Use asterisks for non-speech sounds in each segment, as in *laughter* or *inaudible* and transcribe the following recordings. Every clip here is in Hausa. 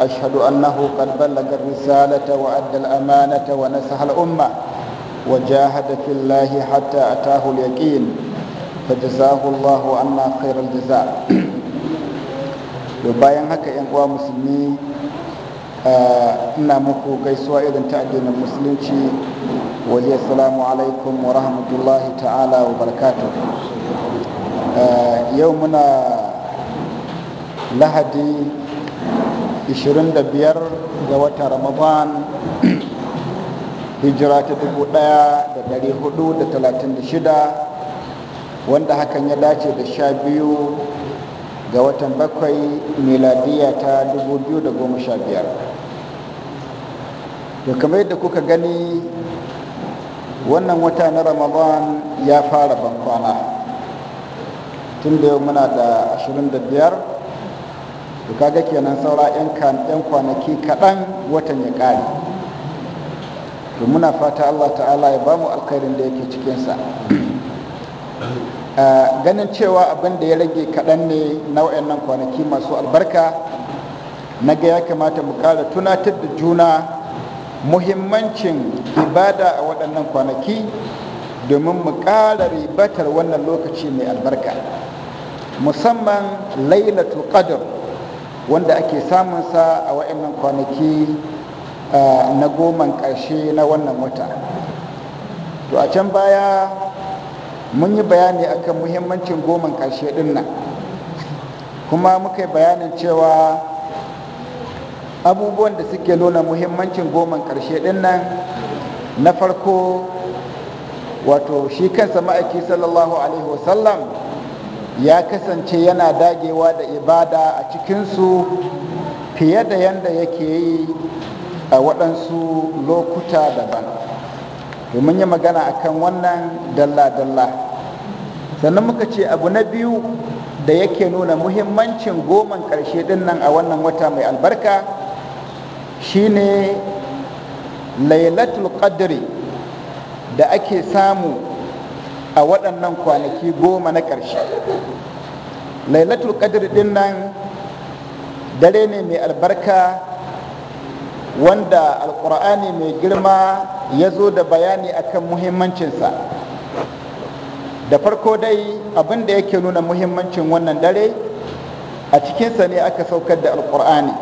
أشهد أنه قد بلغ الرسالة وأدى الأمانة ونسح الأمة وجاهد في الله حتى أتاه اليقين فجزاه الله عنا خير الجزاء bayan haka yan uwa musulmi ina muku gaisuwa irin ta addinin musulunci waje salamu alaikum wa rahmatullahi ta'ala wa barakatuh yau muna lahadi 25 ga wata ramadan hijira ta 1436 wanda hakan ya dace da sha ga watan bakwai miladiya ta 2015 to kamar yadda kuka gani wannan wata na ramadan ya fara bankwana tun da yau muna da 25 to kaga kenan saura 'yan kwanaki kaɗan watan ya ƙare to muna fata allah ta'ala ya bamu alkhairin da yake cikinsa *clears throat* ganin cewa abin da ya rage kaɗan ne na wayannan kwanaki masu albarka na ga ya kamata mu ƙara tunatar da juna muhimmancin ibada a waɗannan kwanaki domin mu ƙara ribatar wannan lokaci mai albarka musamman lailatul qadr wanda ake samun sa a wa'annan kwanaki na goman ƙarshe na wannan wata to a can baya mun yi bayani akan muhimmancin goman ƙarshe ɗin nan kuma muka yi bayanin cewa abubuwan da suke nuna muhimmancin goman ƙarshe ɗin nan na farko wato shi kansa ma'aiki sallallahu alaihi wasallam ya kasance yana dagewa da ibada a cikinsu fiye da yadda yake yi a waɗansu lokuta daban domin yi magana akan wannan dalla-dalla sannan muka ce abu na biyu da yake nuna muhimmancin goman ƙarshe dinnan a wannan wata mai albarka shine lailatul qadri da ake samu a waɗannan kwanaki goma na ƙarshe lailatul qadr din nan dare ne mai albarka wanda alkur'ani mai girma ya zo da bayani akan muhimmancinsa da farko dai abinda da yake nuna muhimmancin wannan dare a cikinsa ne aka saukar da alkur'ani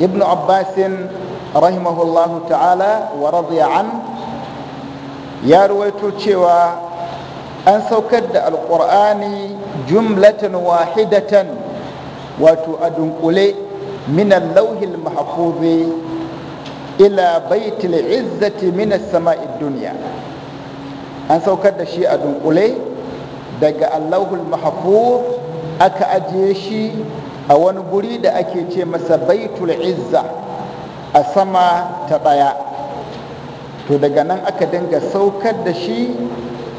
ibn abbasin rahimahullahu ta'ala wa radiya an ya ruwaito cewa an saukar da alƙur'ani jumlatan wahidatan wato a dunkule minan lauhil mahafuzi ila baitul izzati minas sama'id duniya an saukar da shi a dunkule daga allahul mahafuz aka ajiye shi a wani guri da ake ce masa baitul izza a sama ta ɗaya to daga nan aka dinga saukar da shi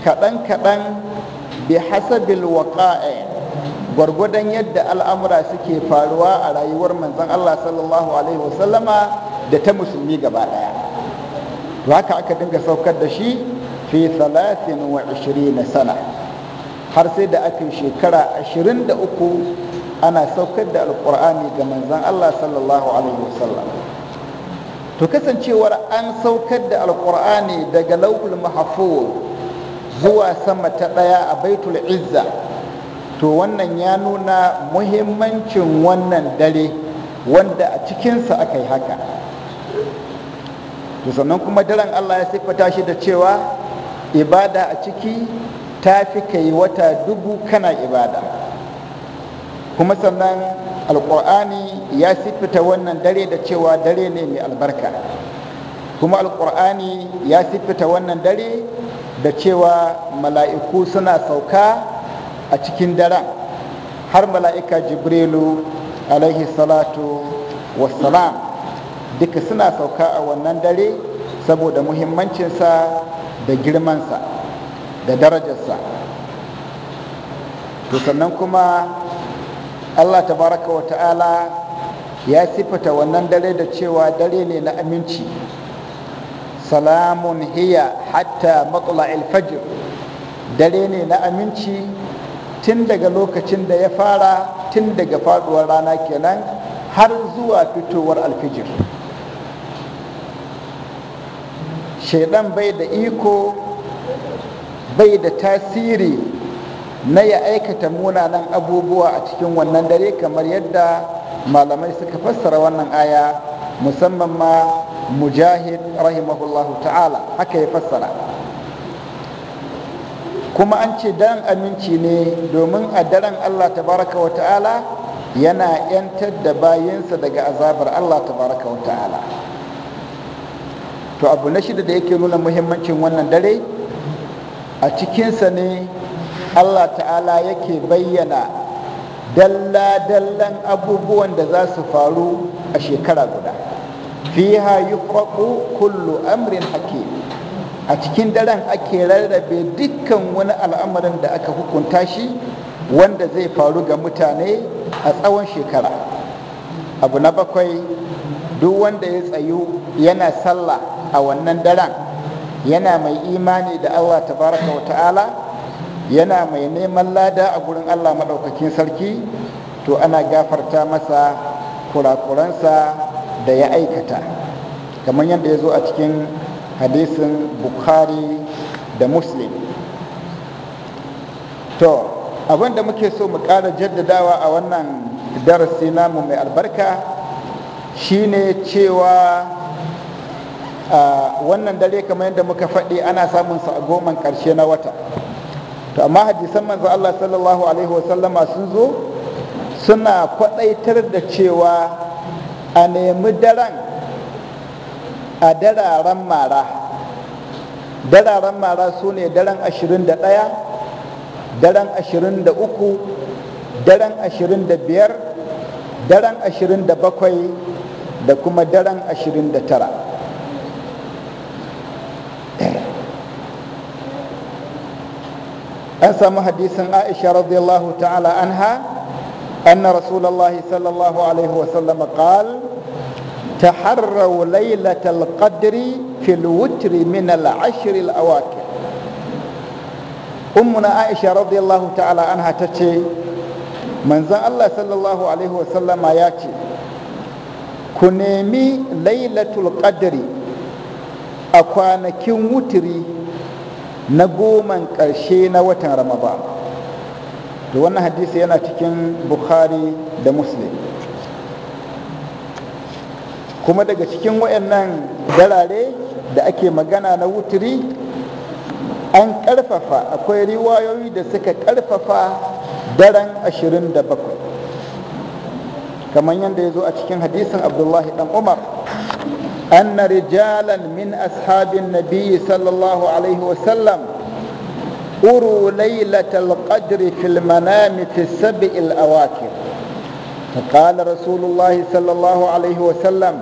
kaɗan-kaɗan bi hasabil waqa'i gwargwadon yadda al'amura suke faruwa a rayuwar manzon Allah sallallahu alaihi wasallama da ta musulmi gaba ɗaya to haka aka dinga saukar da shi fi 23 sana har sai da aka shekara 23 ana saukar da alkur'ani ga manzon Allah sallallahu alaihi wasallam to kasancewar an saukar da alkur'ani daga lauhul mahfuz zuwa sama ta ɗaya a baitul izza to wannan ya nuna muhimmancin wannan dare wanda a cikinsa aka yi haka to sannan kuma daren allah ya siffata shi da cewa ibada a ciki ta fi kai wata dubu kana ibada kuma sannan alƙur'ani ya siffita wannan dare da cewa dare ne mai albarka kuma alƙur'ani ya siffita wannan dare da cewa mala'iku suna sauka a cikin daren har mala'ika jibrilu alaihi salatu wassalam duka suna sauka a wannan dare saboda muhimmancinsa da girmansa da darajarsa to sannan kuma Allah tabaraka wa ta'ala ya sifata wannan dare da cewa dare ne na aminci salamun hiya hatta matsala alfajir, dare ne na aminci tun daga lokacin da ya fara tun daga faduwar rana kenan har zuwa fitowar alfijir shaidan bai da iko bai da tasiri na ya aikata munanan abubuwa a cikin wannan dare kamar yadda malamai suka fassara wannan aya musamman ma mujahid rahimahullahu ta'ala haka ya fassara kuma an ce daren aminci ne domin a daren allah tabaraka wa ta'ala yana 'yantar da bayansa daga azabar allah tabaraka wa ta'ala to abu na shida da yake nuna muhimmancin wannan dare a cikinsa ne Allah ta'ala yake bayyana dalla-dallan abubuwan da za su faru a shekara guda fiha yufraqu kullu amrin hake a cikin daren ake rarrabe dukkan wani al'amarin da aka hukunta shi wanda zai faru ga mutane a tsawon shekara abu na bakwai duk wanda ya tsayu yana sallah a wannan daren yana mai imani da allah tabaraka wa ta'ala yana mai neman lada a gurin allah maɗaukakin sarki to ana gafarta masa kurakuransa da ya aikata kamar yadda ya zo a cikin hadisin bukhari da muslim to abin da muke so mu ƙara jaddadawa a wannan darasi namu mai albarka shine cewa wannan dare kamar yadda muka faɗi ana samunsa a goman ƙarshe na wata to amma hadisan manzo Allah sallallahu alaihi wa sallama sun zo suna kwadaitar da cewa a nemi daren a dararen mara dararen mara su ne daren ashirin da ɗaya, daren ashirin da uku, daren ashirin da biyar, daren ashirin da bakwai, da kuma daren ashirin da tara. an samu hadisin aisha radiyallahu ta'ala anha anna rasulullahi sallallahu alaihi wasallam qal تحروا ليلة القدر في الوتر من العشر الأواخر أمنا عائشة رضي الله تعالى عنها تتشي manzan Allah sallallahu Alaihi wasallama ya ce ku nemi lailatul qadri a kwanakin wutiri na goma ƙarshe na watan ramadan to wannan hadisi yana cikin bukhari da muslim kuma daga cikin wayannan darare da ake magana na wuturi an ƙarfafa akwai riwayoyi da suka ƙarfafa daren 27 kamar yadda ya zo a cikin hadisin abdullahi dan umar أن رجالا من أصحاب النبي صلى الله عليه وسلم أروا ليلة القدر في المنام في السبع الأواخر فقال رسول الله صلى الله عليه وسلم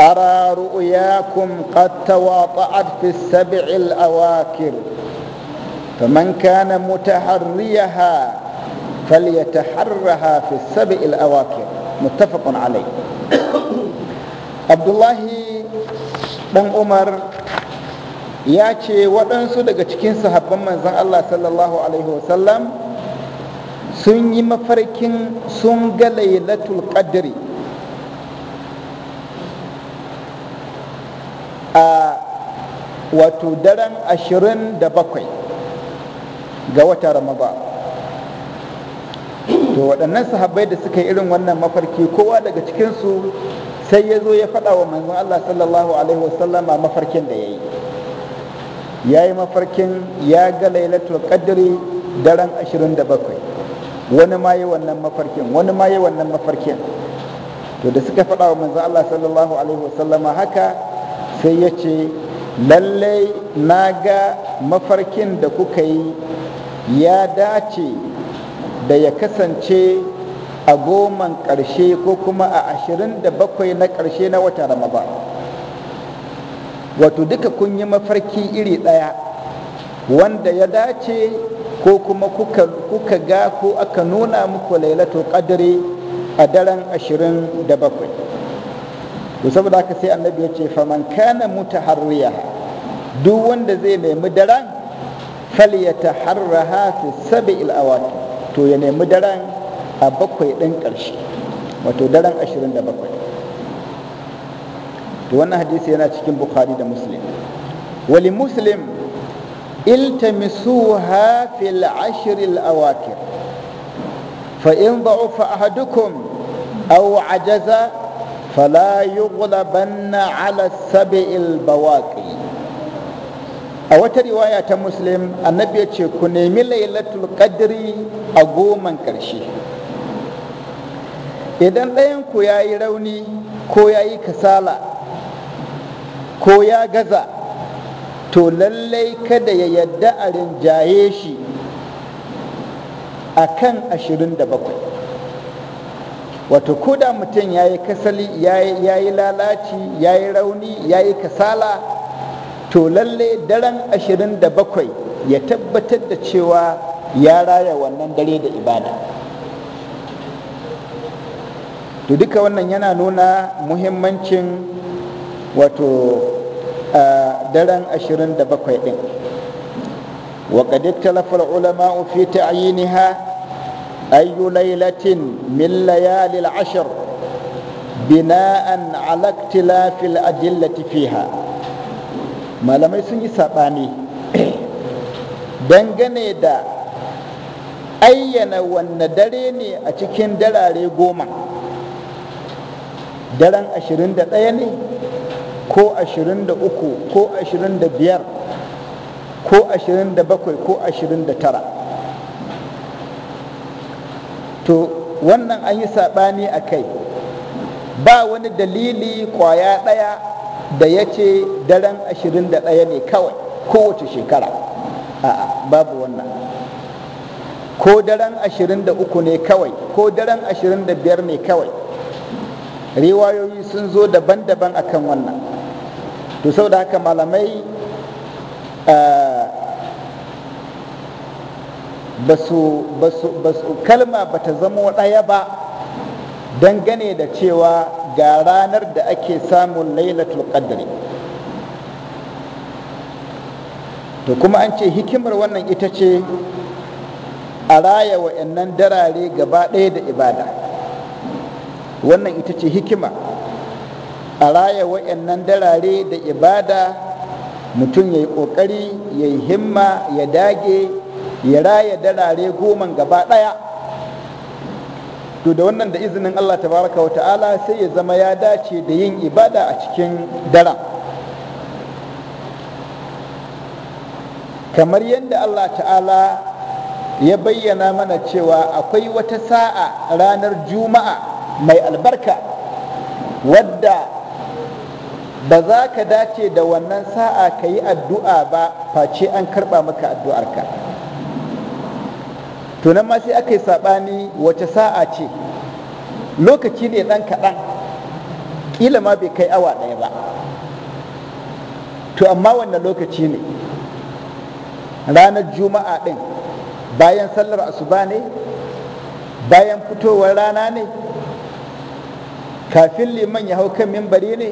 أرى رؤياكم قد تواطأت في السبع الأواخر فمن كان متحريها فليتحرها في السبع الأواخر متفق عليه abdullahi dan umar ya ce waɗansu daga cikin sahabban manzan allah sallallahu alaihi wasallam sun yi mafarkin sun ga lailatul qadri a wato daren ashirin da bakwai ga wata ramaba to waɗannan sahabbai da suka yi irin wannan mafarki kowa daga cikinsu sai ya zo ya faɗa wa manzon Allah sallallahu alaihi wasallama mafarkin da ya yi ya yi mafarkin ya ga lailatul qadri daren 27 wani ma yi wannan mafarkin wani ma yi wannan mafarkin to da suka faɗa wa manzon Allah sallallahu alaihi wasallama haka sai ya ce lallai na ga mafarkin da kuka yi ya dace da ya kasance a goman ƙarshe ko kuma a ashirin da bakwai na ƙarshe na watan ramadan wato duka kun yi mafarki iri ɗaya wanda ya dace ko kuma kuka, ga ko aka nuna muku lailatul kadiri a daren ashirin da bakwai to saboda haka sai annabi ya ce faman kana mutaharriya duk wanda zai nemi daren falyataharraha fi sab'il to ya nemi daren a bakwai ɗin ƙarshe wato daren ashirin da bakwai. to wannan hadisi yana cikin bukhari da muslim wali muslim iltamisuha fil ashril awakir fa in da'ufa ahadukum aw ajaza fala yughlabanna ala sab'il bawaqi a wata riwaya ta muslim annabi ya ce ku nemi lailatul qadri a goman ƙarshe idan ɗayan ku ya yi rauni ko ya yi kasala ko ya gaza to lallai kada ya yadda a rinjaye shi a kan ashirin wato koda mutum ya yi kasali ya yi lalaci ya yi rauni ya yi kasala to lallai daren ashirin da ya tabbatar da cewa ya raya wannan dare da ibada to duka wannan yana nuna muhimmancin wato a daren 27 din waƙadar talafar ulama fi ta'yiniha ayu lailatin min layalil ashr bina'an ala iktilafil ajillati fiha malamai sun yi saɓani dangane da ayyana wanne dare ne a cikin darare goma daren 21 ne ko 23 ko 25 ko 27 ko 29 to wannan an yi saɓani a kai ba wani dalili kwaya ɗaya da ya ce daren 21 ne kawai kowace shekara a'a babu wannan ko daren 23 ne kawai ko daren 25 ne kawai riwayoyi sun zo daban-daban akan wannan to saboda haka malamai eh, basu kalma ba ta zama ɗaya ba don gane da cewa ga ranar da ake samun lailatul qadri to kuma an ce hikimar wannan ita ce a raya wa'annan darare gaba ɗaya da ibada wannan ita ce hikima a raya wa'annan darare da ibada mutum ya yi ƙoƙari ya yi himma ya dage ya raya darare goma gaba ɗaya to da wannan da izinin allah tabaraka wata'ala sai ya zama ya dace da yin ibada a cikin dara. kamar yadda allah ta'ala ya bayyana mana cewa akwai wata sa'a ranar juma'a mai albarka wadda ba za ka dace da wannan sa'a ka yi addu'a ba face an karɓa maka addu'arka tunan ma sai aka yi saɓani wace sa'a ce lokaci ne ɗan kaɗan ƙila ma bai kai awa ɗaya ba to amma wannan lokaci ne ranar juma'a ɗin bayan sallar asuba ne bayan fitowar rana ne kafin liman ya hau kan mimbari ne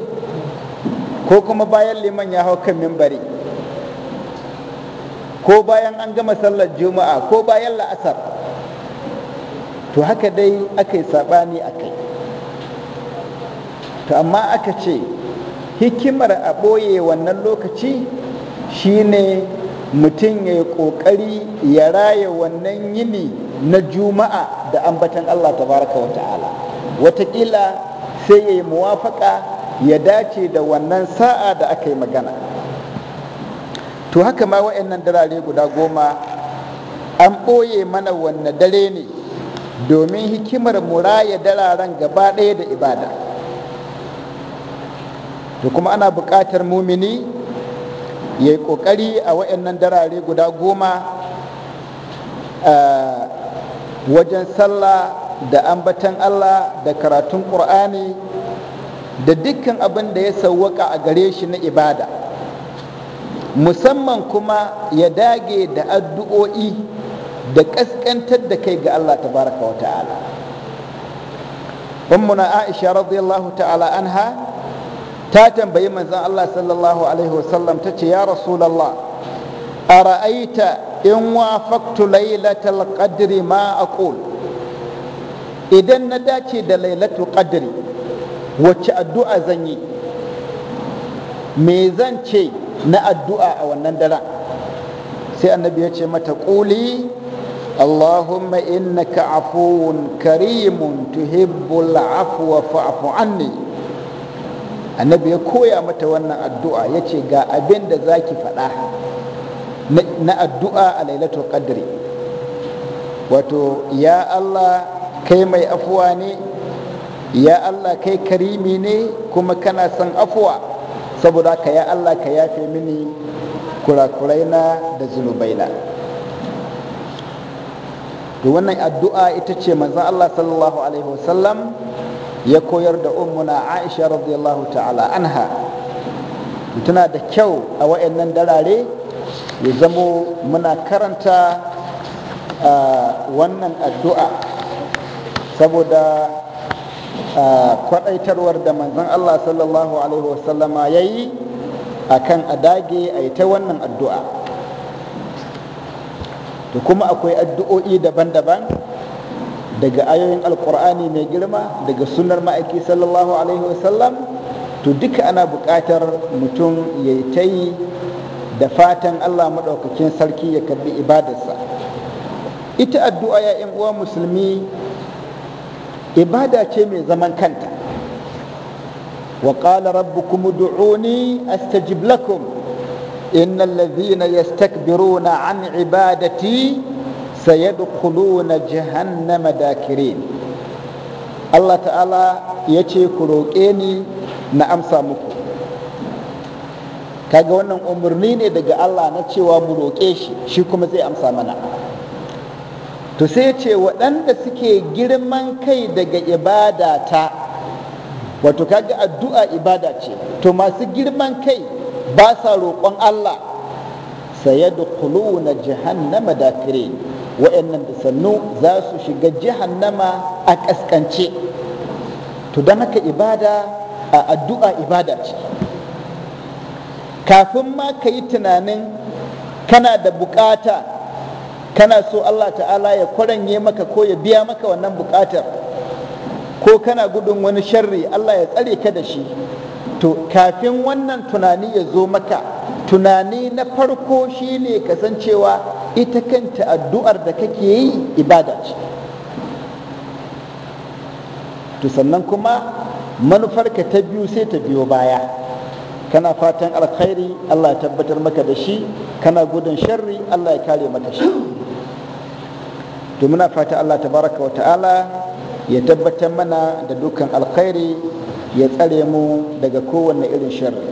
ko kuma bayan liman ya hau kan mimbari ko bayan an gama sallar juma'a ko bayan la'asar to haka dai aka yi saɓani a kai to amma aka ce hikimar a ɓoye wannan lokaci shine mutum ya yi ƙoƙari ya raya wannan yini na juma'a da ambatan Allah tabaraka wa ta'ala watakila sai ya yi muwafaka ya dace da wannan sa'a da aka yi magana to haka ma wa'annan darare guda goma an ɓoye mana wannan dare ne domin hikimar muraya dararen gaba ɗaya da ibada to kuma ana buƙatar mumini ya yi ƙoƙari a wa'annan darare guda goma eh, wajen sallah da ambatan Allah da karatun ƙur'ani da dukkan abin da ya sauwaka a gare shi na ibada musamman kuma ya dage da addu'o'i da ƙasƙantar da kai ga Allah tabaraka wa ta'ala ummuna aisha radiyallahu ta'ala anha ta tambayi manzon Allah sallallahu alaihi wasallam ta ce ya rasulallah ara'aita in wafaktu lailatal qadri ma aqul idan na dace da lailatu qadri wacce addu'a zan yi me zan ce na addu'a a wannan daren sai annabi ya ce mata ƙuli allahumma innaka afuwun karimun tuhibbul afwa fa'fu anni annabi ya koya mata wannan addu'a ya ce ga abin da zaki ki faɗa na addu'a a lailatul qadri wato ya allah kai mai afuwa ne ya allah kai karimi ne kuma kana son afuwa saboda ka ya allah ka yafe mini na da zunubaina to wannan addu'a ita ce manzon allah sallallahu alaihi wasallam ya koyar da ummuna aisha radiyallahu ta'ala anha tana da kyau a nan darare ya zamo muna karanta ah, wannan addu'a saboda kwadaitarwar da manzon Allah sallallahu alaihi wasallama ya yi a kan a dage a yi ta wannan addu'a to kuma akwai addu'o'i daban-daban daga ayoyin alkur'ani mai girma daga sunar ma'aiki sallallahu alaihi wasallam to duka ana buƙatar mutum ya yi ta yi da fatan Allah maɗaukakin sarki ya karɓi ibadarsa ita addu'a ya uwa musulmi ibada ce mai zaman kanta wa qala rabbukum ud'uni astajib lakum innal ladhina yastakbiruna an ibadati sayadkhuluna jahannama dakirin Allah ta'ala yace ku roƙe ni na amsa muku kaga wannan umarni ne daga Allah na cewa mu roƙe shi shi kuma zai amsa mana to sai ce waɗanda suke girman kai daga ibada ta wato kaga addu'a ibada ce to masu girman kai ba sa roƙon Allah da sayadkhuluna jahannama dakire wa'annan da sannu za su shiga jahannama a kaskance to don haka ibada a addu'a ibada ce kafin ma ka yi tunanin kana da bukata kana so Allah ta'ala ya kwaranye maka ko ya biya maka wannan bukatar ko kana gudun wani sharri Allah ya tsare ka da shi to kafin wannan tunani ya zo maka tunani na farko shine kasancewa ita kanta addu'ar da kake yi ibada ce to sannan kuma manufarka ta biyu sai ta biyo baya kana fatan alkhairi Allah ya tabbatar maka da shi kana gudun sharri Allah ya kare maka shi to fata Allah tabaraka wa ta'ala ya tabbatar mana da dukkan alkhairi ya tsare mu daga kowane irin sharri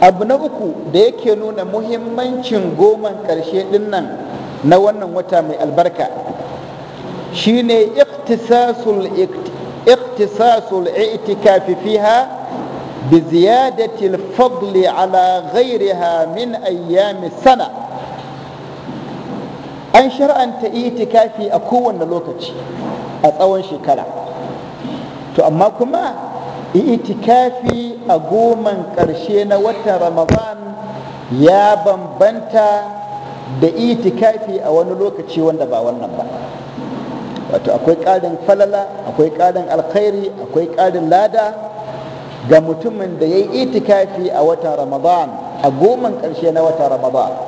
abu na uku da yake nuna muhimmancin goma ƙarshe ɗinnan na wannan wata mai albarka shine iktisasul iktisasul i'tikafi fiha bi ziyadati al-fadli ala ghayriha min ayyami sana an shar'anta itikafi a kowane lokaci a tsawon shekara to amma kuma itikafi a goman ƙarshe na watan ramadan ya bambanta da itikafi a wani lokaci wanda ba wannan ba wato akwai ƙarin falala akwai ƙarin alkhairi akwai ƙarin lada ga mutumin da ya yi itikafi a watan ramadan a goman ƙarshe na watan ramadan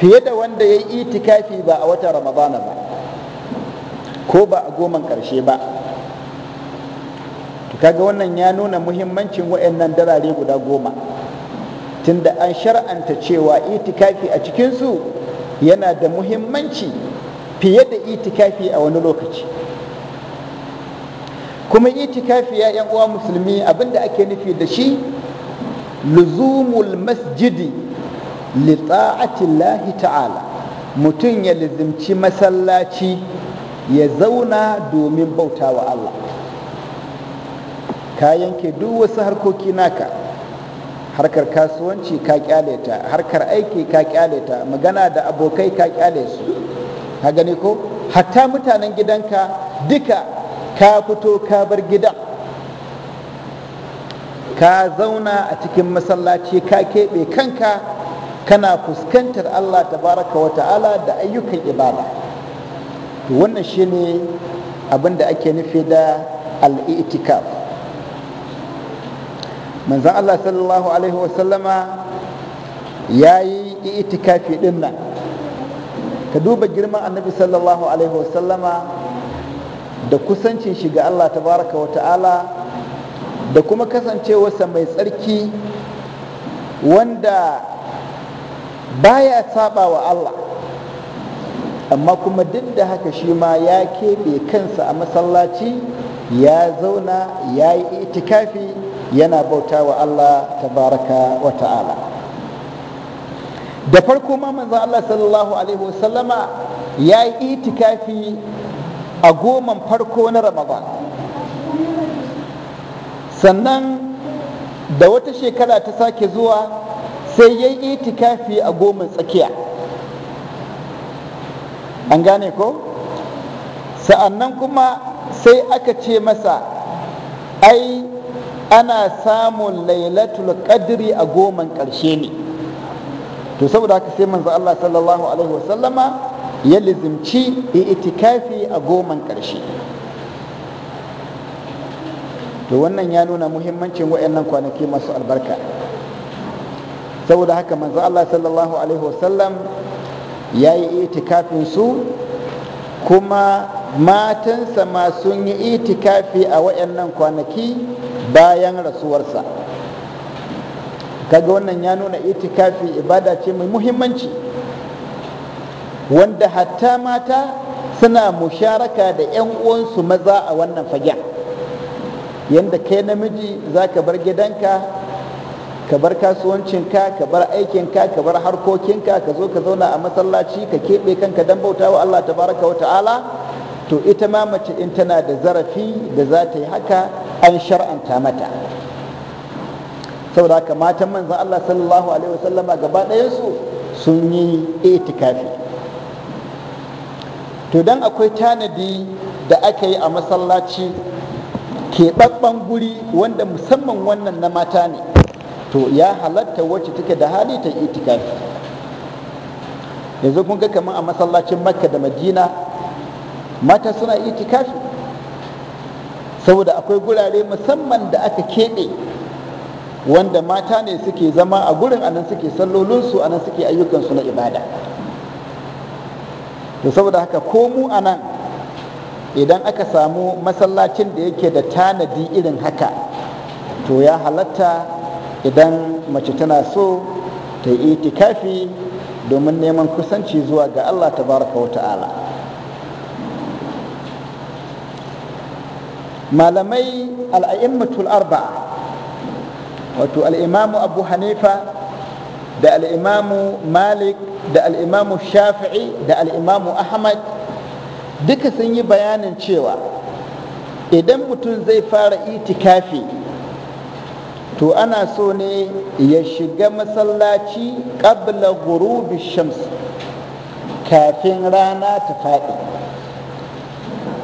fiye da wanda ya yi itikafi ba a watan ramadana ba ko ba a goman ƙarshe ba kaga wannan ya nuna muhimmancin waɗannan darare guda goma tunda an shar'anta cewa itikafi a cikinsu yana da muhimmanci fiye da itikafi a wani lokaci kuma itikafi ya yan uwa musulmi abinda ake nufi da shi luzumul masjidi lita'atillahi ta'ala mutum ya lizimci masallaci ya zauna domin bauta wa Allah ka yanke duk wasu harkoki naka harkar kasuwanci ka kyaleta harkar aiki ka kyaleta magana da abokai ka kyale su ka gani ko hatta mutanen gidanka duka ka fito ka bar gidan ka zauna a cikin masallaci ka keɓe kanka kana fuskantar Allah tabaraka wa ta'ala da ayyukan ibada to wannan shine abin da ake nufi da al-i'tikaf manzon Allah sallallahu alaihi wa sallama yayi i'tikafi din ka duba girman annabi sallallahu alaihi wa da kusancin shi ga Allah tabaraka wa ta'ala da kuma kasancewarsa mai tsarki wanda baya saba wa Allah amma kuma duk da haka shi ma ya keɓe kansa a masallaci ya zauna ya yi itikafi yana bauta wa Allah tabaraka wa ta'ala da farko ma manzo Allah sallallahu alaihi wasallama ya yi itikafi a goman farko na Ramadan sannan da wata shekara ta sake zuwa sai ya yi itikafi a goma tsakiya an gane ko sa'annan kuma sai aka ce masa ai ana samun lailatul qadri a goman ƙarshe ne to saboda haka sai manzo Allah sallallahu alaihi wasallama ya lizimci itikafi a goman ƙarshe to wannan ya nuna muhimmancin waɗannan kwanaki masu albarka saboda haka manzo Allah sallallahu alaihi wasallam ya yi itikafin su kuma matansa ma sun yi itikafi a wayannan kwanaki bayan rasuwarsa kaga wannan ya nuna itikafi ibada ce mai muhimmanci wanda hatta mata suna musharaka da 'yan uwansu maza a wannan fagen yadda kai namiji za ka bar gidanka ka bar kasuwancinka ka bar aikinka ka bar harkokinka ka zo ka zauna a masallaci ka keɓe kanka dan bauta wa Allah tabaraka wa ta'ala to ita ma mace in tana da zarafi da za ta yi haka an shar'anta mata saboda haka matan manzan Allah sallallahu alaihi wasallama gaba ɗayansu sun yi itikafi to dan akwai tanadi da aka yi a masallaci keɓaɓɓen guri wanda musamman wannan na mata ne to ya halatta wacce take da hali ta itikafi yanzu kun ga kamar a masallacin makka da madina mata suna itikafi saboda akwai gurare musamman da aka keɓe wanda mata ne suke zama a gurin anan suke sallolinsu anan suke ayyukansu na ibada to saboda haka ko mu anan idan aka samu masallacin da yake da tanadi irin haka to ya halatta idan mace tana so ta yi itikafi domin neman kusanci zuwa ga Allah tabaraka wa ta'ala malamai al'a'immatul arba'a wato al'imamu abu hanifa da al'imamu malik da al'imamu shafi'i da al'imamu ahmad duka sun yi bayanin cewa idan mutum zai fara itikafi to ana so ne ya shiga masallaci ƙabla gurubi shams kafin rana ta faɗi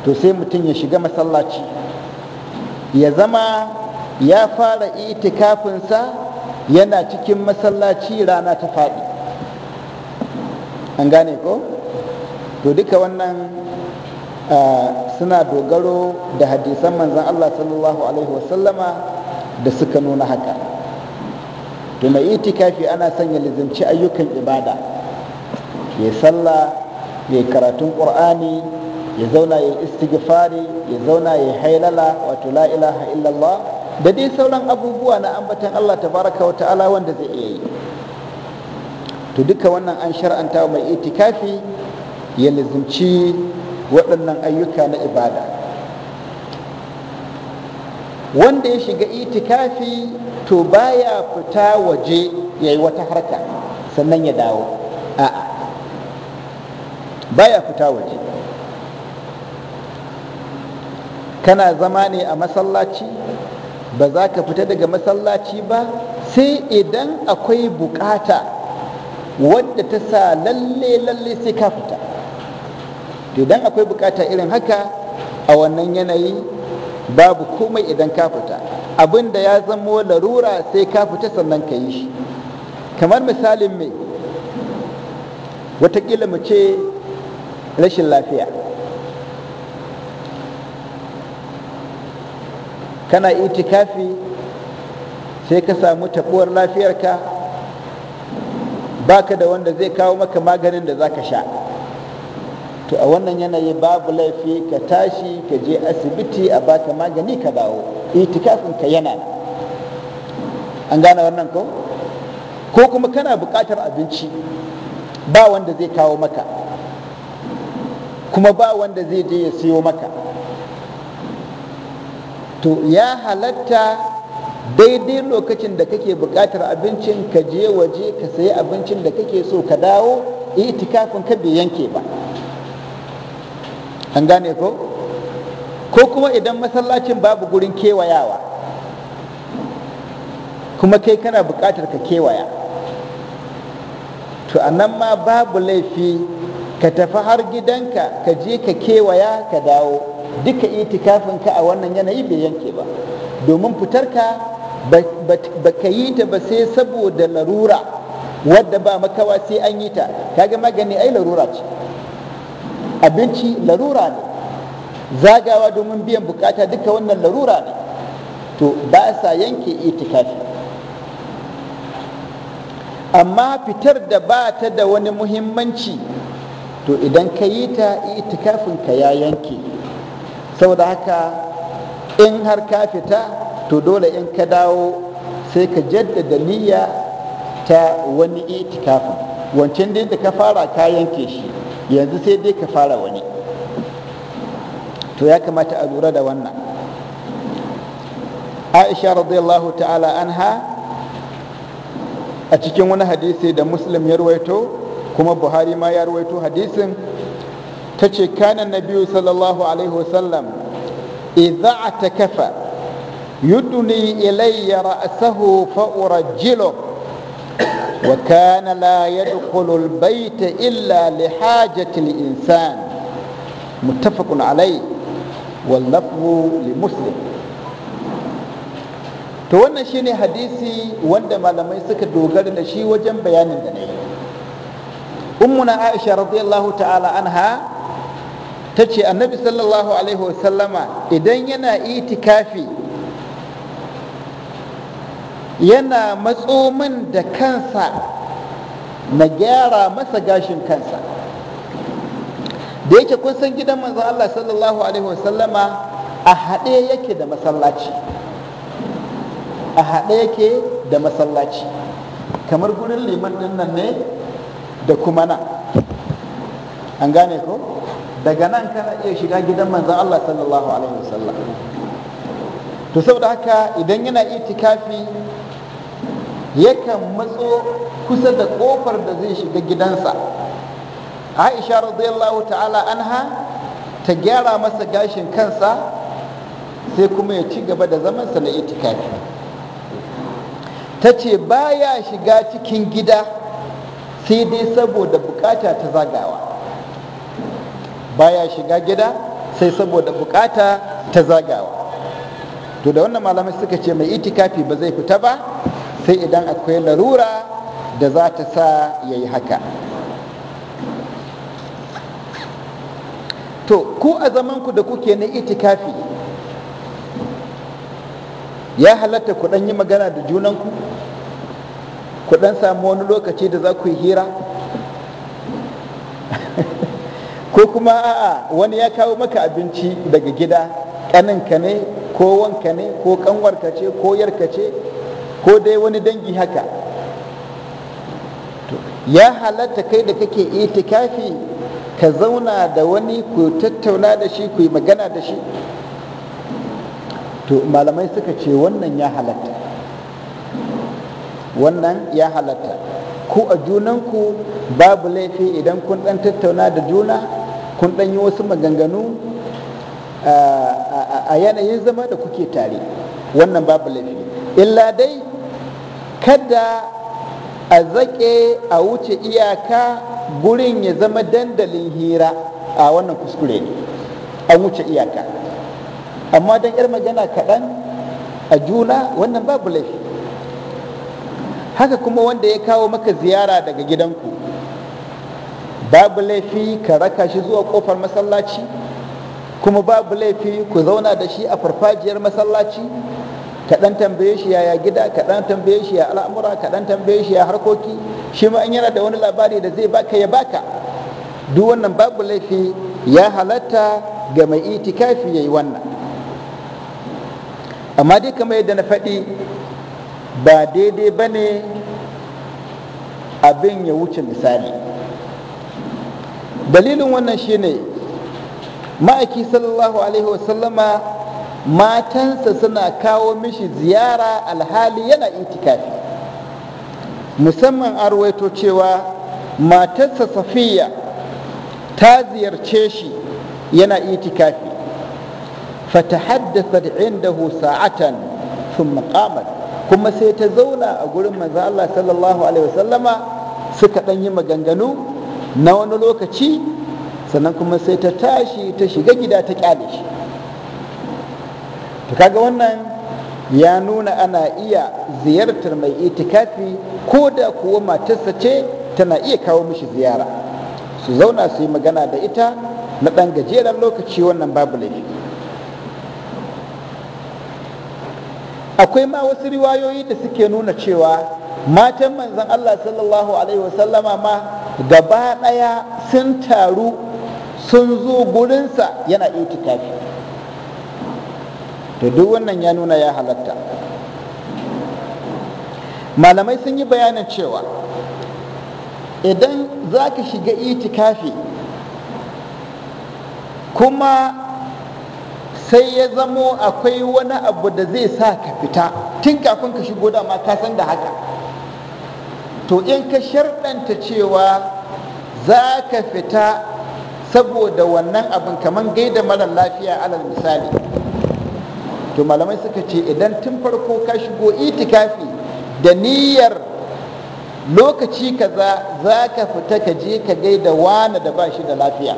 to sai mutum ya shiga masallaci ya zama ya fara itikafinsa yana cikin masallaci rana ta faɗi an gane ko to duka wannan ah, suna dogaro da hadisan manzan Allah sallallahu Alaihi wasallama da suka nuna haka to mai itikafi ana sanya lizimci ayyukan ibada ya sallah ya karatun ƙur'ani, ya zauna ya istighfari ya zauna ya hailala wato la ilaha illallah da dai sauran abubuwa na ambatan Allah tabaraka wa ta'ala wanda zai iya yi to duka wannan an shar'anta mai itikafi ya lizimci waɗannan ayyuka na ibada wanda ya shiga itikafi to baya fita waje ya yi wata harka sannan ya dawo a'a baya fita waje kana zama ne a masallaci ba za ka fita daga masallaci ba sai idan akwai bukata wadda ta sa lalle lalle sai ka fita idan akwai bukata irin haka a wannan yanayi babu komai idan ka fita abin da ya zamo larura sai ka fita sannan ka yi shi kamar misalin me watakila mu ce rashin lafiya kana itikafi sai ka samu taɓuwar lafiyarka baka da wanda zai kawo maka maganin da za ka sha to a wannan yanayi babu laifi ka tashi ka je asibiti a baka magani ka dawo itikafin ka yana an gane wannan ko ko kuma kana buƙatar abinci ba wanda zai kawo maka kuma ba wanda zai je ya siyo maka to ya halatta daidai lokacin da kake buƙatar abincin ka je waje ka sayi abincin da kake so ka dawo itikafin ka bai yanke ba an gane ko ko kuma idan masallacin babu gurin kewayawa kuma kai kana buƙatar ka kewaya to a nan ma babu laifi ka tafi har gidanka ka je ka kewaya ka dawo duka ka a wannan yanayi bai yanke ba domin fitarka ba ka yi ta ba sai saboda larura wadda ba makawa sai an yi ta kaga magani ai larura ce abinci larura ne zagawa domin biyan bukata duka wannan larura ne to ba sa yanke itikafi amma fitar da ba ta da wani muhimmanci to idan ka yi ta ka ya yanke saboda haka in har ka fita to dole in ka dawo sai ka jaddada niyya ta wani itikafin wancan da ka fara ka yanke shi yanzu sai dai ka fara wani to ya kamata a lura da wannan aisha radiyallahu ta'ala anha a cikin wani hadisi da muslim ya ruwaito kuma buhari ma ya ruwaito hadisin ta ce kanan nabiyu sallallahu alaihi wasallam idza kafa yudni ilayya ra'sahu fa urajjiluhu وكان لا يدخل البيت إلا لحاجة الإنسان متفق عليه واللفظ لمسلم to wannan shine hadisi wanda malamai suka dogara da shi wajen bayanin da nayi ummuna aisha radiyallahu ta'ala anha tace annabi sallallahu alaihi wasallama idan yana itikafi yana matso min da kansa na gyara masa gashin kansa da yake kun san gidan manzo Allah sallallahu alaihi wasallama a haɗe yake da masallaci a haɗe yake da masallaci kamar gurin liman ɗin nan ne da kuma nan an gane ko daga nan kana iya shiga gidan manzo Allah sallallahu alaihi wasallam to saboda haka idan yana itikafi yakan matso kusa da kofar da zai shiga gidansa aisha radiyallahu ta'ala anha ta gyara masa gashin kansa sai kuma ya ci gaba da zamansa na itikafi ta ce baya shiga cikin gida sai dai saboda bukata ta zagawa baya shiga gida sai saboda bukata ta zagawa to da wannan malamai suka ce mai itikafi ba zai fita ba sai idan akwai larura da za ta sa ya yi haka to ku a zamanku da kuke na itikafi ya halatta ku ɗan yi magana da junanku ku ɗan samu wani lokaci da za ku yi hira *laughs* ko kuma a'a wani ya kawo maka abinci daga gida ƙaninka ne ko wanka ne ko ƙanwarka ce ko yarka ce ko dai wani dangi haka ya halatta kai da kake itikafi ka zauna da wani ku tattauna da shi ku yi magana da shi to malamai suka ce wannan ya halatta wannan ya halatta ku a junanku babu laifi idan kun dan tattauna da juna kun dan yi wasu maganganu a yanayin zama da kuke tare wannan babu laifi illa dai kada a zaƙe a wuce iyaka gurin ya zama dandalin hira a wannan kuskure ne a wuce iyaka amma don 'yar magana kaɗan a juna wannan babu laifi haka kuma wanda ya kawo maka ziyara daga gidanku babu laifi ka raka shi zuwa ƙofar masallaci kuma babu laifi ku zauna da shi a farfajiyar masallaci Kaɗan tambaye shi yaya gida kaɗan tambaye shi ya al'amura kaɗan tambaye shi ya harkoki shi ma in yana da wani labari da zai baka ya baka duk wannan babu laifi ya halatta ga mai itikafi yi wannan amma dai kamar yadda na faɗi ba daidai ba ne abin ya wuce misali dalilin wannan shine ma'aiki sallallahu alaihi wasallama matansa suna kawo mishi ziyara alhali yana itikafi musamman arwaito cewa matarsa safiya ta ziyarce shi yana itikafi da indahu sa'atan sun makamar kuma sai ta zauna a gurin manzo Allah sallallahu alaihi wasallama suka ɗan yi maganganu na wani lokaci sannan kuma sai ta tashi ta shiga gida ta ƙyale. shi to kaga wannan ya nuna ana iya ziyartar mai itikafi ko da kuwa matarsa ce tana iya kawo mishi ziyara su zauna su yi magana da ita na ɗan gajeren lokaci wannan babu laifi akwai ma wasu riwayoyi da suke nuna cewa matan manzon Allah sallallahu alaihi wasallama ma gaba ɗaya sun taru sun zo gurinsa yana itikafi to duk wannan ya nuna ya halatta malamai sun yi bayanin cewa idan za ka shiga itikafi kuma sai ya zamo akwai wani abu da zai sa ka fita tun kafin ka shigo da ka san da haka to in ka sharɗanta cewa za ka fita saboda wannan abin kamar gaida mara lafiya alal misali to malamai suka ce idan tun farko ka shigo itikafi da niyyar lokaci kaza za ka fita ka je ka gaida wani da ba shi da lafiya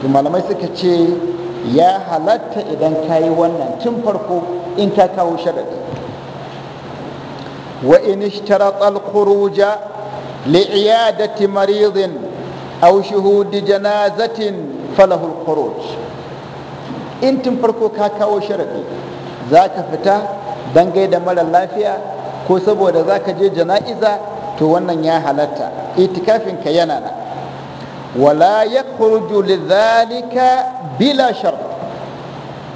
to malamai suka ce ya halatta idan ka yi wannan tun farko in ka kawo sharadi wa in ishtarata al-khuruja li'iyadati maridin aw shuhudi janazatin falahu al-khuruj in tun farko ka kawo sharaɗi za ka fita don gaida mara lafiya ko saboda za ka je jana'iza to wannan ya halatta ka yana nan wala ya lidhalika bila shar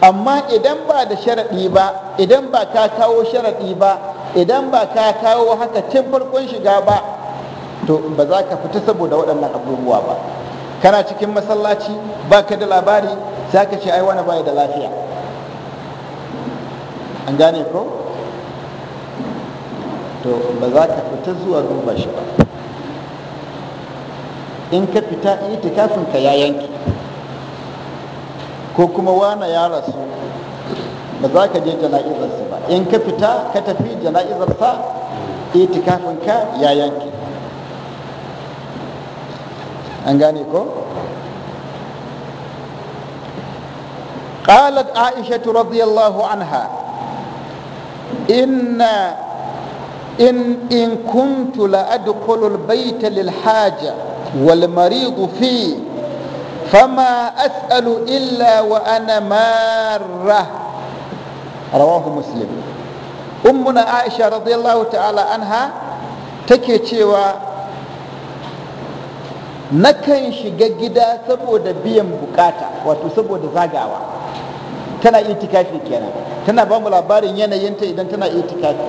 amma idan ba da sharaɗi ba idan ba ka kawo sharaɗi ba idan ba ka kawo haka tun farkon shiga ba to ba za ka fita saboda waɗannan abubuwa ba kana cikin masallaci ba ka da labari za ka ce ai wani bai da lafiya an gane ko to ba za ka fita zuwa duba shi ba in ka fita kafin ka ya yanki ko kuma wana ya rasu ba za ka je jana'izarsa ba in ka fita ka tafi jana'izarsa kafin ka ya yanki an gane ko? قالت عائشة رضي الله عنها إن إن إن كنت لأدخل البيت للحاجة والمريض فيه فما أسأل إلا وأنا مارة رواه مسلم أمنا عائشة رضي الله تعالى عنها take cewa nakan shiga gida saboda biyan bukata wato saboda zagawa tana itikafi kenan tana ba mu labarin yanayinta idan tana itikafi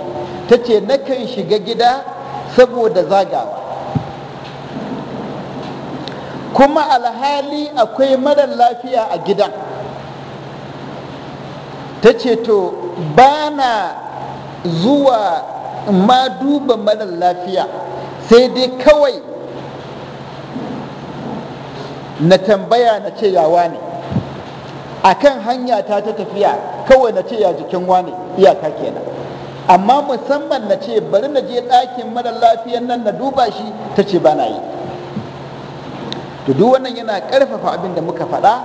ta ce nakan shiga gida saboda zagawa kuma alhali akwai marar lafiya a gidan ta ce to bana zuwa ma duba marar lafiya sai dai kawai na tambaya na ce yawa ne A kan hanya ta ta tafiya kawai na ce ya jikin wani iyaka kenan amma musamman na ce bari na je ɗakin mara lafiyan nan na duba shi ta ce ba na yi to duk wannan yana ƙarfafa abin da muka faɗa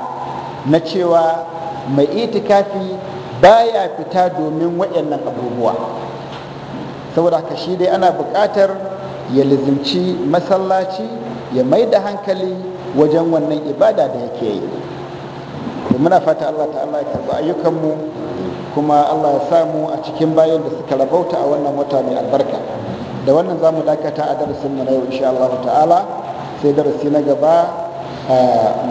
na cewa mai itikafi baya fita domin waɗannan abubuwa saboda haka shi dai ana buƙatar ya lizimci masallaci ya mai da hankali wajen wannan ibada da yake yi muna fata Allah ta'ala ya karba ayyukanmu kuma Allah ya samu a cikin bayan da suka rabauta a wannan wata mai albarka da wannan za mu dakata a darasin mu na yau insha Allah ta'ala sai darasi na gaba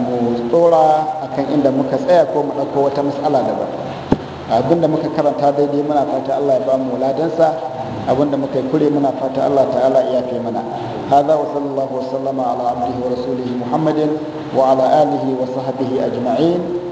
mu tsora akan inda muka tsaya ko mu ɗauko wata matsala daban abinda muka karanta daidai muna fata Allah ya ba mu ladansa abinda muka yi kure muna fata Allah ta'ala ya fi mana هذا وصلى الله وسلم على عبده ورسوله محمد وعلى آله وصحبه أجمعين